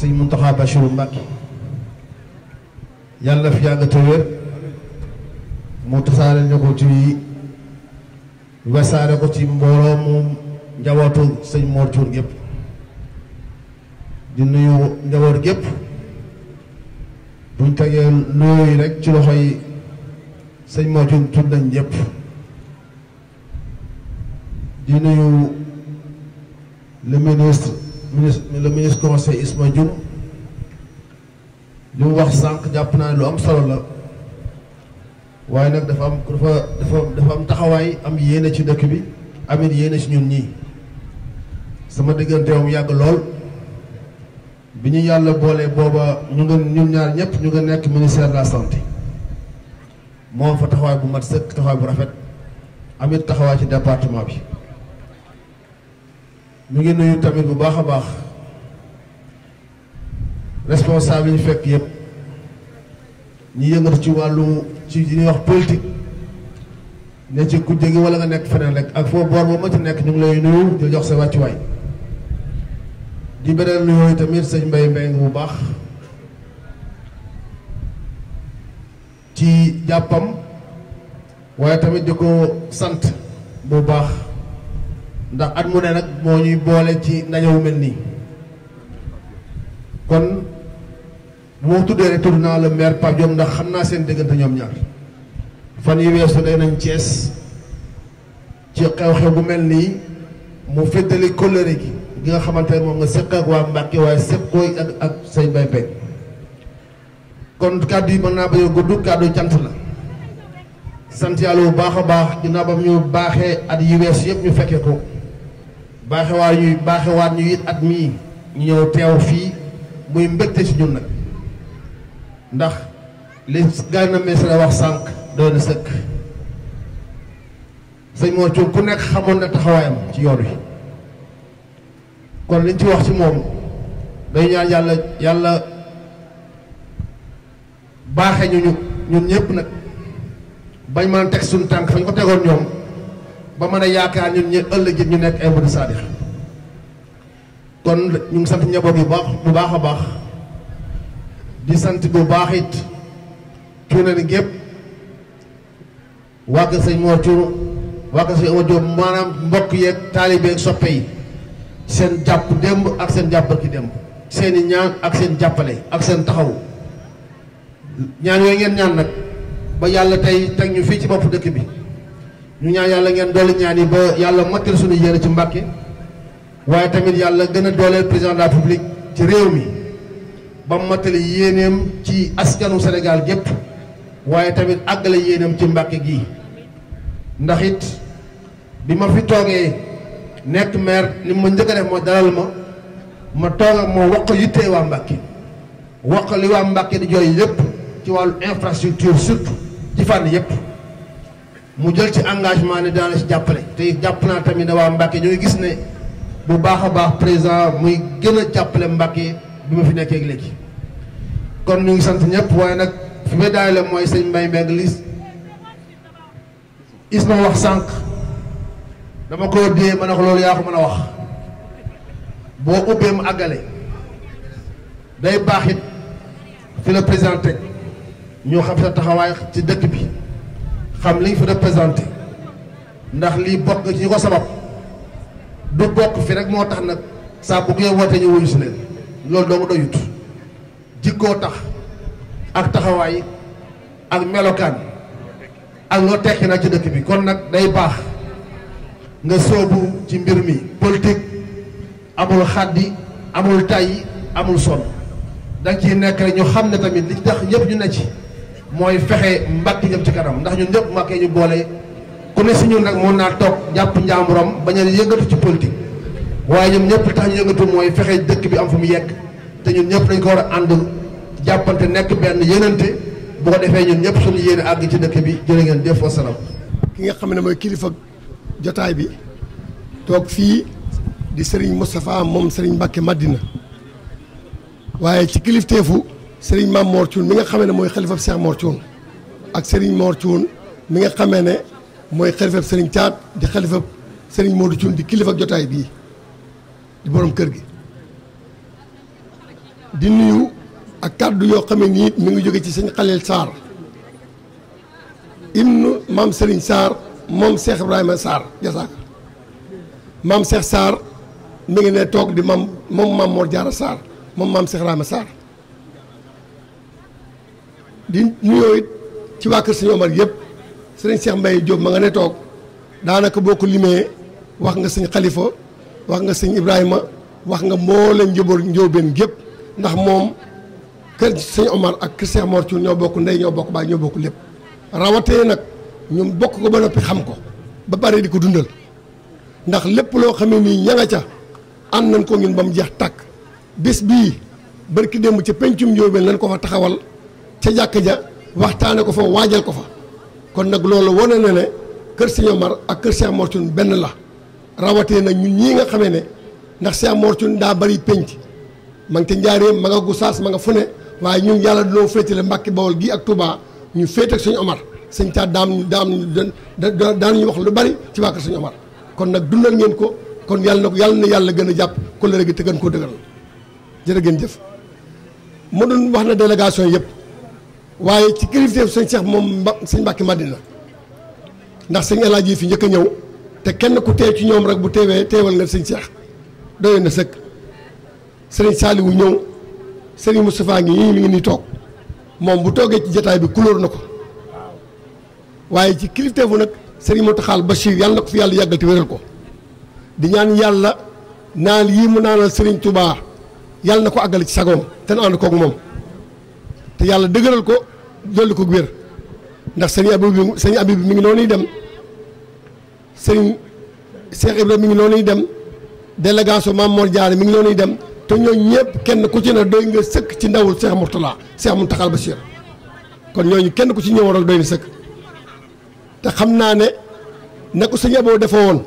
sëñ Muntaxa Bachiru Mbàkke yàlla fi yàgg te mu tasaare ñu ko ci wesaare ko ci mbooloo mu njabootu sëñ Mor gépp di nuyu njaboot gépp buñ tegee nuyoo yi ci loxo yi sëñ Mor Cuun tudd nañ di nuyu le ministre le ministre conseil Isma Dioum li mu wax sànq jàpp naa ne lu am solo la waaye nag dafa am dafa dafa dafa am taxawaay am yéene ci dëkk bi amit yéene ci ñun ñii sama diggante digganteewam yàgg lool bi ñu yàlla boolee booba ñu nga ñun ñaar ñëpp ñu nga nekk ministère de la santé moom fa taxawaay bu mat sëkk taxawaay bu rafet amit taxawaay ci département bi mi ngi nuyu tamit bu baax a baax responsable yi ñu fekk yëpp ñu yëngatu ci wàllu ci li ñuy wax politique ne ci kujje gi wala nga nekk feneen rek ak foo boor ba ma ci nekk ñu ngi lay nuyu jox sa wàccuwaay di beneen nuyoo tamit sëñ Mbaye Mbaye bu baax ci jàppam waaye tamit di ko sant bu baax. ndax at mu ne nag moo ñuy boole ci nañoo mel nii kon moo tuddee rek tudd naa la maire Pape Diop ndax xam naa seen diggante ñoom ñaar fan yu weesu day nañ cees ci xew-xew bu mel nii mu féddali kóllëre gi gi nga xamante ne moom nga seq ak waa Mbàkke waaye seq koy ak ak say bay peñ kon kàddu yi mën naa bañ a gudd kàddu jant la sant yàlla bu baax a baax ginnaaw ba ñu baaxee at yi wees yëpp ñu fekkee ko baaxewaay ñuy baaxewaat ñu it at mii ñu ñëw teew fii muy mbégte ci ñun nag ndax li na ministre wax sànq doon na sëkk sëñ moo ci ku nekk xamoon na taxawaayam ci yoon wi kon liñ ci wax ci moom day ñaan yàlla yàlla baaxe ñu ñun ñëpp nag bañ man teg suñu tànk fañ ko tegoon ñoom ba mën a yaakaar ñun ñu ëllëg ñu nekk ay murid saadix kon ñu ngi sant njaboot yu baax bu baax a baax di sant bu baax it cuune gépp wàgg sëñ Mor Cuunu wàgg sëñ Omar Jóob maanaam mbokk yeeg taalibe soppe yi seen jàpp démb ak seen jàpp ki démb seen i ak seen jàppale ak seen taxaw ñaan yooyu ngeen ñaan nag ba yàlla tey teg ñu fii ci bopp dëkk bi ñu ñaan yàlla ngeen dolli ñaan yi ba yàlla mottal suñu yéene ci Mbàkke waaye tamit yàlla gën a dooleel président de la République ci réew mi ba mottali yéeneem ci askanu senegal gépp waaye tamit àggale yéeneem ci Mbàkke gi ndax it bi ma fi toogee nekk maire li ma njëkk moo dalal ma ma toog ak moo wax ko yittee waa Mbàkke wax li waa Mbàkke di jooy yépp ci wàllu infrastructure surtout ci fànn yépp mu jël ci engagement ne daana ci jàppale te jàpp naa tamit ne waa Mbacke ñooy gis ne bu baax a baax président muy gën a jàppale Mbacke bi ma fi nekkee léegi kon mu ngi sant ñëpp waaye nag fi may daanele mooy mbay Mbaye Mbengue li Isma wax sànq dama ko dee ma ne loolu yaa ko mën a wax boo ubbee mu àggale day baax it fi la président teg ñoo xam sa taxawaay ci dëkk bi xam liñ fi représenté ndax lii bokk nga ci ñu ko sabab du bokk fi rek moo tax nag saa bu koy wootee ñu wuyu si leen loolu doo ko doyut jikkoo tax ak taxawaay ak melokaan ak loo tekki nag ci dëkk bi kon nag day baax nga soobu ci mbir mi politique amul xaddi amul tàyyi amul sonn danga ciy nekk rek ñu xam ne tamit li tax ñëpp ñu ne ci mooy fexe Mbàkke jëm ci kanam ndax ñun ñëpp Mbàkke ñu boole ku ne si ñu rek mën naa toog jàpp njaamuram bañ a yëngatu ci politique waaye ñoom ñëpp tax ñu yëngatu mooy fexe dëkk bi am fu mu yekk te ñun ñëpp dañ ko war a ànd jàppante nekk benn yénante boo ko defee ñun ñëpp suñu yéene àgg ci dëkk bi jërë ngeen jëf wasalaam ki nga xam ne mooy kilifa jotaay bi toog fii di Serigne Moustapha moom Serigne Mbacke Madina waaye ci kilifteefu Serigne maam Mor Thioune mi nga xamee ne mooy xalifab Cheikh Mor Thioune ak sëriñ Mor Thioune mi nga xamee ne mooy xalifab sëriñ Thiat di xalifab Serigne Modou Thioune di kilifa ak jotaay bii di borom kër gi di nuyu ak kàddu yoo xame ni mu ngi jóge ci Serigne Khalil Sarr ibnu maam Serigne Sarr moom Cheikh Ibrahima Sarr jasaaka maam Cheikh Sarr mu ngi ne toog di maam moom maam Mor Diarra Sarr moom maam Cheikh Ibrahima Sarr di nuyoo it ci waa kër sëñ Omar yëpp sëriñ Cheikh Mbaye Diop ma nga ne toog daanaka boo ko limee wax nga sëñ xalifa wax nga sëñ ibraahima wax nga mboolem njaboot njóobeen gépp ndax moom kër sëñ Omar ak kër Cheikh Mor ñoo bokk ndey ñoo bokk baay ñoo bokk lépp rawatee nag ñun bokk ko ba noppi xam ko ba pare di ko dundal ndax lépp loo xamee nii ña ca ànd nañ ko ñun ba mu jeex tàkk bés bii barki démb ca pencum njóobeen lañ ko fa taxawal ca jàkk ja waxtaane ko fa waajal ko fa kon nag loolu wane na ne kër Serigne Omar ak kër seex Mor benn la rawatee na ñu ñii nga xamee ne ndax Cheikh Mor Thioune daa bari penc man nga ca njaareem ma nga gusaas ma nga fu ne waaye ñun yàlla dañoo féetale Mbàkke Bawol gii ak Touba ñu féete ak Serigne Omar sëñ taat daam daam daan ñu wax lu bari ci waa kër Omar kon nag dundal ngeen ko kon yàlla na ko yàlla na yàlla gën a jàpp kóllëre gi te gën koo dëgëral jërë ngeen jëf mu doon wax na délégation yëpp. waaye ci kilifteef sëñ Cheikh moom sëñ Mbàkke Madina ndax sëñ El Hadji fi njëkk a ñëw te kenn ku teew ci ñoom rek bu teewee teewal nga sëñ Cheikh doyoon na sëkk sëriñ Saaliwu ñëw sëriñ Moustapha ngi nii mi ngi nii toog moom bu toogee ci jataay bi kulóor na ko waaye ci kilifteefu nag sëriñ Mountakha Bachir yàlla na ko fi yàlla yàggal te wéral ko di ñaan yàlla naan yii mu naanal sëriñ Touba yàlla na ko àggale ci sagoom te na ànd koog moom. te yàlla dëgëral ko dolli ko wér ndax sëñ Abib bi sëñ Abib bi mi ngi noonu dem sëñ Cheikh Ibrahima mi ngi noonu dem délégation Mame Mor Diarra mi ngi noonu dem te ñooñu ñëpp kenn ku ci ne doy nga sëkk ci ndawul seex Cheikh Mourtala Cheikh Mountakha Bachir kon ñooñu kenn ku ci ñëwoon rek doy na sëkk te xam naa ne na ko sëñ Aboo defoo woon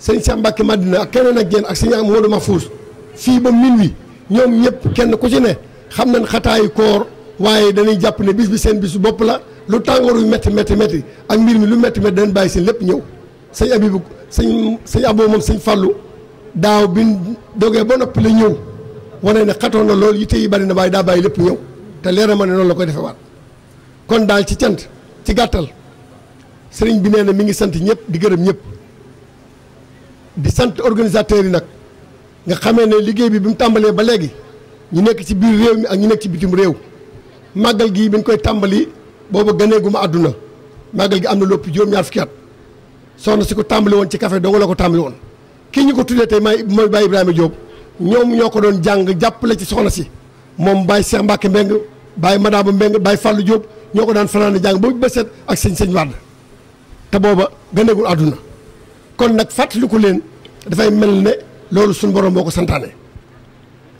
sëñ Cheikh Mbacke Madina ak keneen ak yéen ak sëñ Modou Mahfouz fii ba minuit ñoom ñëpp kenn ku ci ne xam nañ xataayu koor. waaye dañuy jàpp ne bis bi seen bisu bopp la lu tàngooru métti métti métti ak mbir mi lu métti métti dañ bàyyi seen lépp ñëw sëñ abibu sëñ sëñ aboo moom sëñ fàllu daaw bi dogee ba noppi la ñëw wane ne xatoon na loolu yitte yi bari na waaye daa bàyyi lépp ñëw te leer na ne noonu la koy defee waat kon daal ci cant ci gàttal sëriñ bi nee na mi ngi sant ñëpp di gërëm ñëpp di sant organisateurs yi nag nga xamee ne liggéey bi bi mu tàmbalee ba léegi ñu nekk ci biir réew mi ak ñu nekk ci bitim réew màggal gi bi ñu koy tàmbali booba gënee gu ma àdduna màggal gi am na lópp juróom-ñaar fukki at soxna si ko tàmbali woon ci café dong la ko tàmbali woon kii ñu ko tuddee tey may mooy Baye Ibrahima Diop ñoom ñoo ko doon jàng jàppale ci soxna si moom Baye Cheikh Mbacke Mbeng Baye Madama Mbeng Baye Fallou Diop ñoo ko daan fanaan jàng ba bëset ak sëñ sëñ Wade te booba gëneegul àdduna kon nag fàttaliku leen dafay mel ne loolu suñu borom boo ko santaane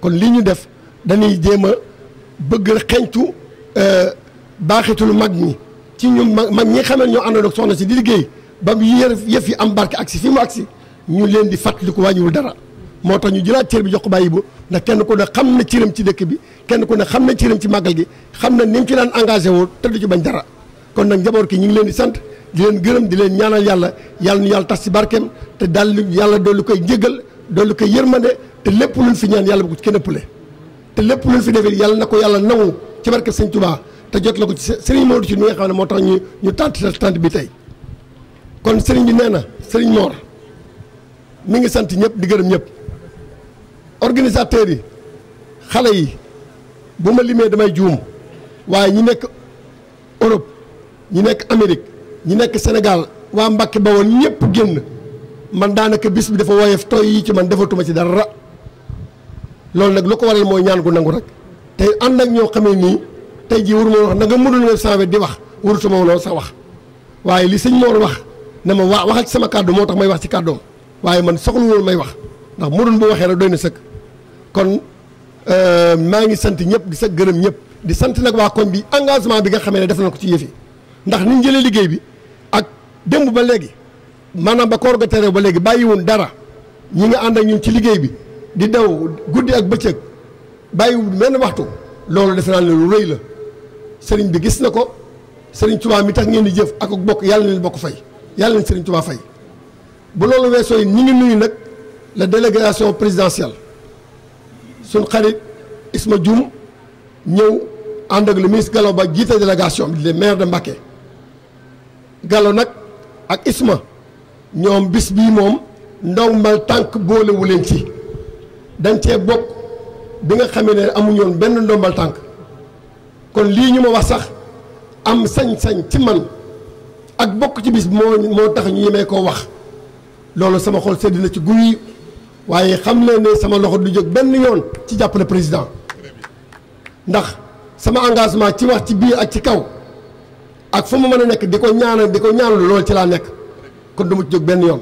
kon lii ñu def dañuy jéem a bëgg xeñtu baaxitulu mag ñi ci ñu mag ñi xaman ñoo àndoon ak soxna si di liggéey ba mu yëf yëf yi am barke agsi fii mu agsi ñu leen di fàttaliku wàññiwul dara moo tax ñu jëlaat cër bi jox ko bàyyi bu ndax kenn ku ne xam na cëram ci dëkk bi kenn ku ne xam na cëram ci màggal gi xam na ni mu ci daan engagé woon te du ci bañ dara kon nag njaboot ki ñu ngi leen di sant di leen gërëm di leen ñaanal yàlla yàlla nu yàlla tas ci barkeem te daal yàlla doolu koy njëgal doolu koy yërmande te lépp luñ fi ñaan yàlla bu ko ci kenn ëppale te lépp luñ fi yàlla na ko yàlla nangu ci barke sëñ Touba te jot la ko ci sëriñ Modou ci mi nga xam ne moo tax ñu ñu tànt tànt bi tey kon sëriñ bi nee na sëriñ Mor mi ngi sant ñëpp di gërëm ñëpp organisateurs yi xale yi bu ma limee damay juum waaye ñi nekk Europe ñi nekk Amérique ñi nekk Sénégal waa Mbàkke Bawol ñëpp génn man daanaka bis bi dafa woyof tooy yi ci man defatuma ci dara loolu nag lu ko waral mooy ñaan gu nangu rek. tey ànd ak ñoo xamee nii tey jii moo wax na nga mënul nga saa di wax warutuma woon sa wax waaye li sëñ Mor wax na ma waa waxal ci kàddu moo tax may wax ci kàddoom waaye man soxlu woon may wax ndax mënul bu waxee rek doy na sëkk kon euh, maa ngi sant ñëpp di sa gërëm ñëpp di sant nag waa koñ bi engagement bi nga xamee ne def na ko ci yëf ndax ni ñu jëlee liggéey bi ak démb ba léegi maanaam ba koor ga tere ba léegi bàyyi woon dara ñi nga ànd ak ñun ci liggéey bi di daw guddi ak bëccëg. bàyyiwul menn waxtu loolu defe naa ne lu rëy la sëriñ bi gis na ko sëriñ Tuubaa mi tax ngeen di jëf ak bokk yàlla leen bokk fay yàlla leen sëriñ Tuubaa fay bu loolu weesoo yi ñu ngi nuyu nag la délégation présidentielle suñ xarit Isma jum ñëw ànd ak le ministre galaw Ba jiite délégation bi le maire de Mbacké Gallo nag ak Isma ñoom bis bii moom ndaw mal tànk boole leen ci dañ cee bokk. bi nga xamee ne amuñu woon benn ndombal tànk kon lii ñu ma wax sax am sañ-sañ ci man ak bokk ci bis moo moo tax ñu yemee koo wax loolu sama xol sedd na ci guy waaye xam leen ne sama loxo du jóg benn yoon ci jàppale président ndax sama engagement ci wax ci biir ak ci kaw ak fu mu mën a nekk di ko ñaanal di ko ñaanal loolu ci laa nekk kon du mu ci jóg benn yoon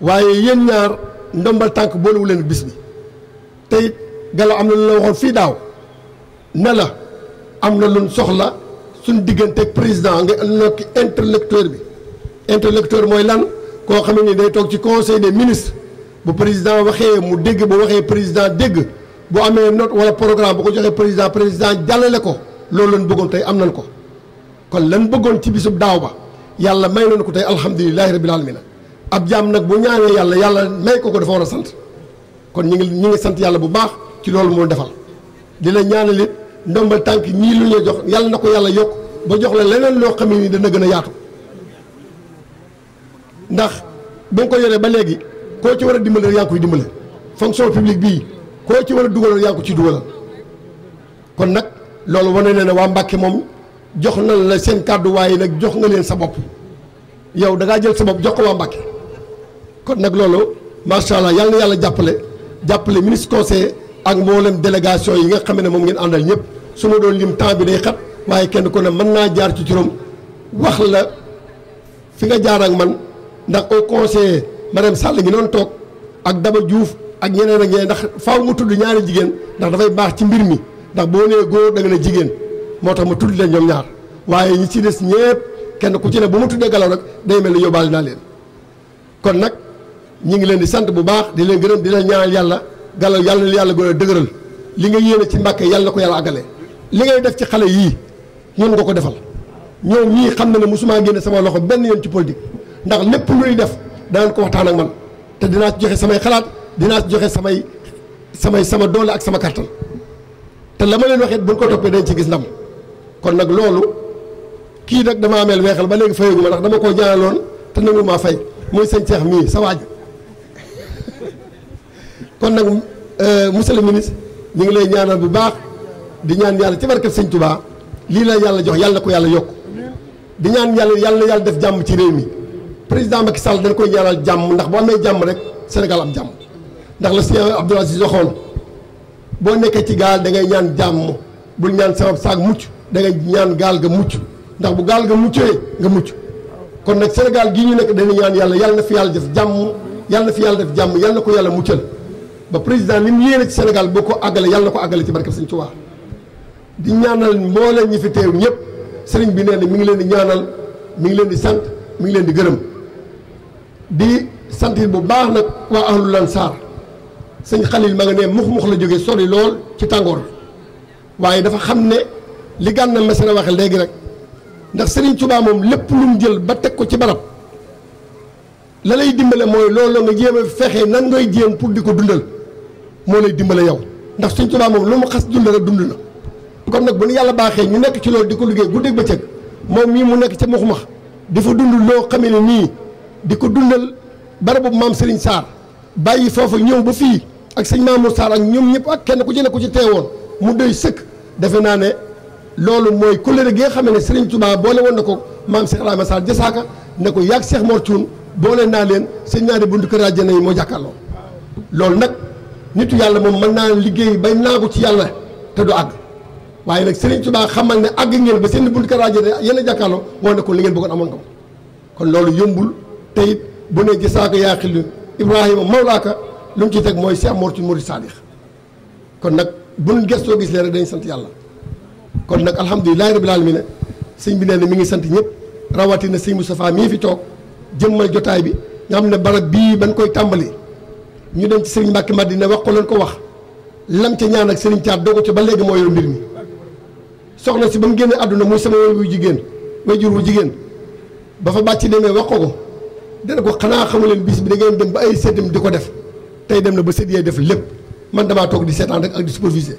waaye yéen ñaar ndombal tànk boolewuleen bis bi galaw am na lu la waxoon fii daaw ne la am na luñ soxla suñu diggante président nga nekk interlocuteur bi interlocuteur mooy lan koo xam ne day toog ci conseil des ministres bu président waxee mu dégg bu waxee président dégg bu amee note wala programme bu ko joxee président président jàllale ko loolu lañ bëggoon tey am nañ ko kon lan bëggoon ci bisub daaw ba yàlla may nañ ko tey alhamdulilahi rabil alamina ab jaam nag bu ñaanee yàlla yàlla may ko ko dafa a sant kon ñu yàlla bu baax ci loolu moo defal di la ñaanal it ndombal tànk ñii lu ñu jox yàlla na ko yàlla yokk ba jox la leneen loo xamee ni dana gën a yaatu ndax ba nga ko yore ba léegi koo ci war a dimbale yaa koy dimbale fonction publique bii koo ci war a dugalal yaa ci dugalal kon nag loolu wane na ne waa Mbàkke moom jox na la seen kàddu waaye nag jox nga leen sa bopp yow dangaa jël sa bopp jox ko waa Mbàkke kon nag loolu macha allah yàlla na yàlla jàppale jàppale ministre conseiller. ak mboolem délégation yi nga xam ne moom ngeen àndal ñëpp su ma doon lim temps bi day xat waaye kenn ko ne mën naa jaar ci juróom wax la fi nga jaar man ndax au conseiller madame sàll ngi noon toog ak Daba Diouf ak ñeneen ak ñeneen ndax faaw mu tudd ñaari jigéen ndax dafay baax ci mbir mi ndax boo nee góor danga nga jigéen moo tax ma tudd leen ñoom ñaar waaye ñi ci des ñëpp kenn ku ci ne bu ma tuddee galaw rek day mel ni yóbbaale naa leen kon nag ñu ngi leen di sant bu baax di leen gërëm di leen ñaanal yàlla. gala yàlla na yàlla gën a dëgëral li nga yéene ci mbàkke yàlla ko yàlla àggale li ngay def ci xale yii ñoom nga ko defal ñoom ñii xam na ne musuma génne sama loxo benn yoon ci politique ndax lépp lu def danañ ko waxtaan ak man te dinaa joxe samay xalaat dinaa joxe samay samay sama doole ak sama kàttan te la ma leen waxee buñ ko toppee dañ ci gis ndam kon nag loolu kii nag dama ameel weexal ba léegi fayagu ma ndax dama koo jaanaloon te nangu maa fay muy sëñ Cheikh mii sa waaj kon nag euh, monsieur le ministre ñu ngi lay ñaanal bu baax di ñaan yàlla ci barkeb sëñ Touba lii la yàlla jox yàlla na ko yàlla yokk di ñaan yàlla yàlla yàlla def jàmm ci réew mi président Macky Sall dañ koy ñaanal jàmm ndax boo amee jàmm rek Sénégal jàmm ndax la Sëñ Abdoul Aziz waxoon boo nekkee ci gaal da ngay ñaan jàmm bul ñaan sabab saag mucc da ngay ñaan gaal ga mucc ndax bu gaal ga muccee nga mucc kon nag Sénégal gii ñu nekk dañu ñaan yàlla yàlla na fi yàlla def jàmm yàlla na fi yàlla def jàmm yàlla na ko yàlla muccal ba président li mu yéene ci Sénégal boo ko àggale yàlla na ko àggale ci barkeb Sëriñ Tuubaa di ñaanal mbooleem ñi fi teew ñëpp sëriñ bi nee na mi ngi leen di ñaanal mi ngi leen di sant mi ngi leen di gërëm di sant bu baax nag waa ahlul lansaar sëñ Xalil ma nga ne mux-mux la jógee sori lool ci tàngoor waaye dafa xam ne li gànna mesara waxe léegi rek ndax Sëriñ Tuubaa moom lépp lu mu jël ba teg ko ci barab la lay dimbale mooy loolu nga jéem a fexe nan ngay jéem pour di ko dundal moo lay dimbale yow ndax suñ Tuubaa moom lu mu xas dund rek dund na kon nag bu yàlla baaxee ñu nekk ci loolu di ko liggéey guddeeg bëccëg moom mii mu nekk ca Muxmax di fa dund loo xamee ne nii di ko dundal barabu maam Serigne Sarr bàyyi foofu ñëw ba fii ak sëñ Mamour Sarr ak ñoom ñëpp ak kenn ku ci nekk ku ci teewoon mu doy sëkk defe naa ne loolu mooy kóllëre gi nga xam ne Serigne Touba boole woon na ko maam Cheikh Ibrahima Sarr jasaaka ne ko yàgg Cheikh Mor Thioune boole naa leen seen ñaari buntu kër àjjana yi moo jàkkaarloo nitu yàlla moom mën naa liggéey bay naagu ci yàlla te du àgg waaye nag Serigne Touba xamal ne àgg ngeen ba seen bunt karaaje yéen a jàkkaarloo moo ne ko li ngeen bëggoon amoon ko kon loolu yombul tey bu ne gisaaka yaa xillu Ibrahima mawlaaka lu mu ci teg mooy Cheikh Mor ci Mourid kon nag bu nu gëstoo gis leen rek dañ sant yàlla kon nag alhamdulilahi rabbil alamin sëñ bi nee na mi ngi sant ñëpp rawatina sëñ Moustapha mii fi toog jëmmal jotaay bi nga xam ne barab bii bañ koy tàmbali. ñu dem ci sëriñ Mbàkke Madina wax ko lañ ko wax lam ca ñaan ak sëriñ Caat dogu ca ba léegi moo yor mbir mi soxna si ba mu génne àdduna muy sama way wu jigéen way jur wu jigéen ba fa bàcc demee wax ko ko dana ko xanaa xamu leen bis bi da ngeen dem ba ay séddam di ko def tey dem na ba sédd yee def lépp man damaa toog di seetaan rek ak di superviser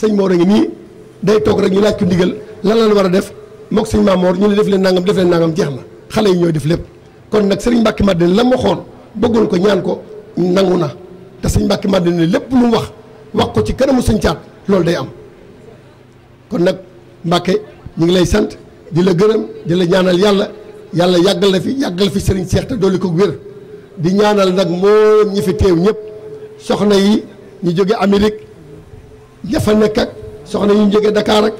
sëñ Mor a ngi nii day toog rek ñu laaj ko ndigal lan la war a def moog sëñ Maamoor ñu ne def leen nangam def leen jeex na xale yi def lépp kon nag sëriñ Mbàkke Madina la ma xoon bëggoon ko ñaan ko nangu na te sëñ Mbàkke Madina lépp lu mu wax wax ko ci kanamu sëñcaat loolu day am kon nag Mbàkke ñu ngi lay sant di la gërëm di la ñaanal yàlla yàlla yàggal la fi yàggal fi sëriñ Seex te dolli ko wér di ñaanal nag moo ñi fi teew ñëpp soxna yi ñu jóge Amérique ya fa nekk ak soxna yi ñu jóge Dakar ak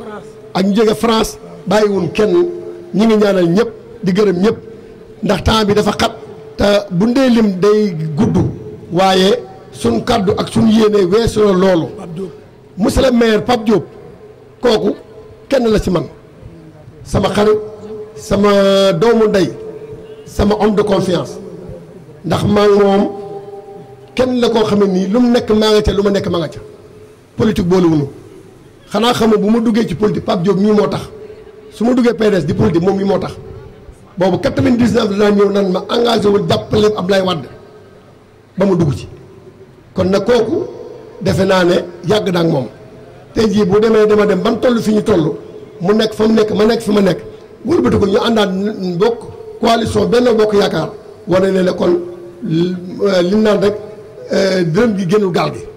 ak ñu jóge France bàyyiwun kenn ñu ngi ñaanal ñëpp di gërëm ñëpp ndax temps bi dafa xat te bu ndee lim day gudd waaye suñ kàddu ak suñ yéene weesu na loolu monsieur le maire Pape Diop kooku kenn la si man sama xarit sama doomu ndey sama homme de confiance ndax maa moom kenn la koo xam ne nii lu mu nekk maa nga ca lu ma nekk maa nga ca politique boolewuñu xanaa xamul bu ma duggee ci politique Pape Diop mii moo tax su ma duggee PDS di politique moom mii moo tax boobu 99 dinaa ñëw nan ma engagé wul jàppale Abdoulaye Wade ba mu dugg ci kon nag kooku defe naa ne yàgg naa ak moom tey jii bu demee dama dem ban toll fi ñu toll mu nekk fa mu nekk ma nekk fi ma nekk wëlbati ko ñu àndaat bokk coalition benn bokk yaakaar wane ne ne kon li naan rek dërëm bi génnul gaal gi.